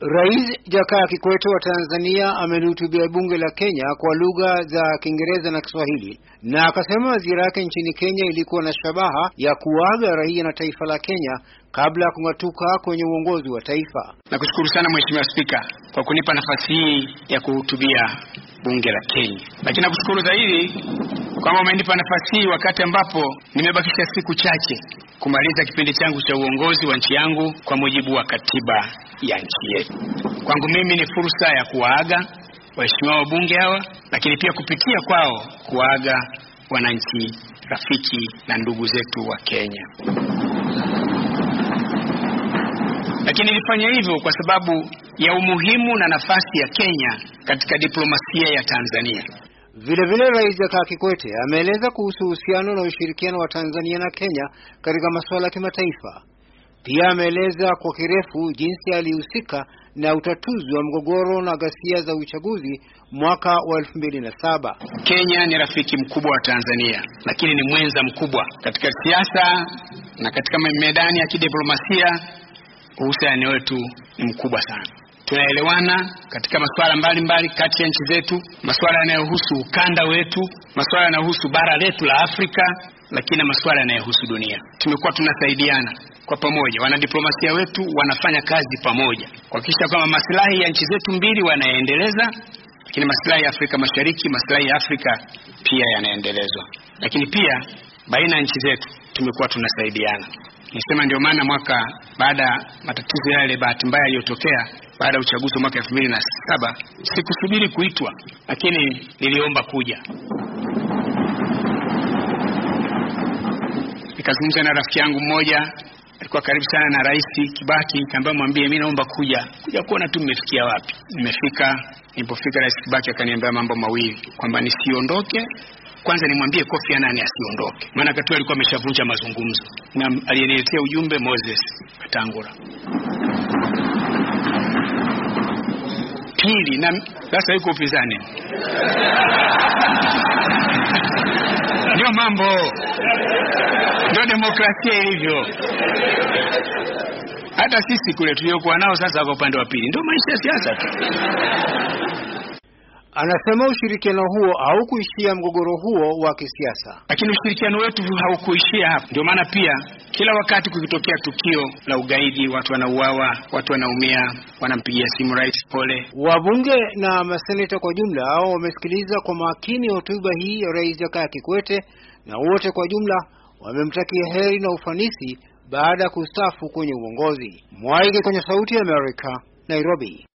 Rais Jakaya Kikwete wa Tanzania amelihutubia bunge la Kenya kwa lugha za Kiingereza na Kiswahili na akasema ziara yake nchini Kenya ilikuwa na shabaha ya kuaga raia na taifa la Kenya kabla ya kung'atuka kwenye uongozi wa taifa. Nakushukuru sana Mheshimiwa Spika kwa kunipa nafasi hii ya kuhutubia bunge la Kenya, lakini nakushukuru zaidi kwamba umenipa nafasi hii wakati ambapo nimebakisha siku chache kumaliza kipindi changu cha uongozi wa nchi yangu kwa mujibu wa katiba ya nchi yetu. Kwangu mimi ni fursa ya kuwaaga waheshimiwa wabunge hawa, lakini pia kupitia kwao kuwaaga wananchi rafiki na ndugu zetu wa Kenya. Lakini nilifanya hivyo kwa sababu ya umuhimu na nafasi ya Kenya katika diplomasia ya Tanzania. Vilevile Rais Jakaya Kikwete ameeleza kuhusu uhusiano na ushirikiano wa Tanzania na Kenya katika masuala ya kimataifa. Pia ameeleza kwa kirefu jinsi alihusika na utatuzi wa mgogoro na ghasia za uchaguzi mwaka wa saba. Kenya ni rafiki mkubwa wa Tanzania, lakini ni mwenza mkubwa katika siasa na katika medani ya kidiplomasia. Uhusiano wetu ni mkubwa sana tunaelewana katika masuala mbalimbali kati ya nchi zetu, masuala yanayohusu ukanda wetu, masuala yanayohusu bara letu la Afrika, lakini na masuala yanayohusu dunia. Tumekuwa tunasaidiana kwa pamoja, wanadiplomasia wetu wanafanya kazi pamoja kuhakikisha kwamba maslahi ya nchi zetu mbili wanaendeleza, lakini maslahi ya Afrika Mashariki, maslahi ya Afrika pia yanaendelezwa. Lakini pia baina ya nchi zetu tumekuwa tunasaidiana. Nisema ndio maana mwaka baada ya matatizo yale bahati mbaya yaliyotokea baada ya uchaguzi wa mwaka elfu mbili na saba. Sikusubiri kuitwa, lakini niliomba kuja nikazungumza na rafiki yangu mmoja alikuwa karibu sana na Rais Kibaki, nikaambia mwambie, mimi naomba kuja kuja kuona tu mmefikia wapi. Nimefika. Nilipofika, Rais Kibaki akaniambia mambo mawili, kwamba nisiondoke kwanza nimwambie Kofi Annan asiondoke, maana wakati alikuwa ameshavunja mazungumzo, na aliyeniletea ujumbe Moses Katangura pili na sasa yuko upinzani ndio mambo, ndio demokrasia ilivyo. Hata sisi kule tuliokuwa nao sasa kwa upande wa pili, ndio maisha ya siasa tu. Anasema ushirikiano huo haukuishia mgogoro huo wa kisiasa, lakini ushirikiano wetu haukuishia hapo, ndio maana pia kila wakati kukitokea tukio la ugaidi, watu wanauawa, watu wanaumia, wanampigia simu Rais pole. Wabunge na maseneta kwa jumla wamesikiliza kwa makini hotuba hii ya Rais Jakaya Kikwete, na wote kwa jumla wamemtakia heri na ufanisi baada ya kustafu kwenye uongozi. Mwaige kwenye Sauti ya Amerika, Nairobi.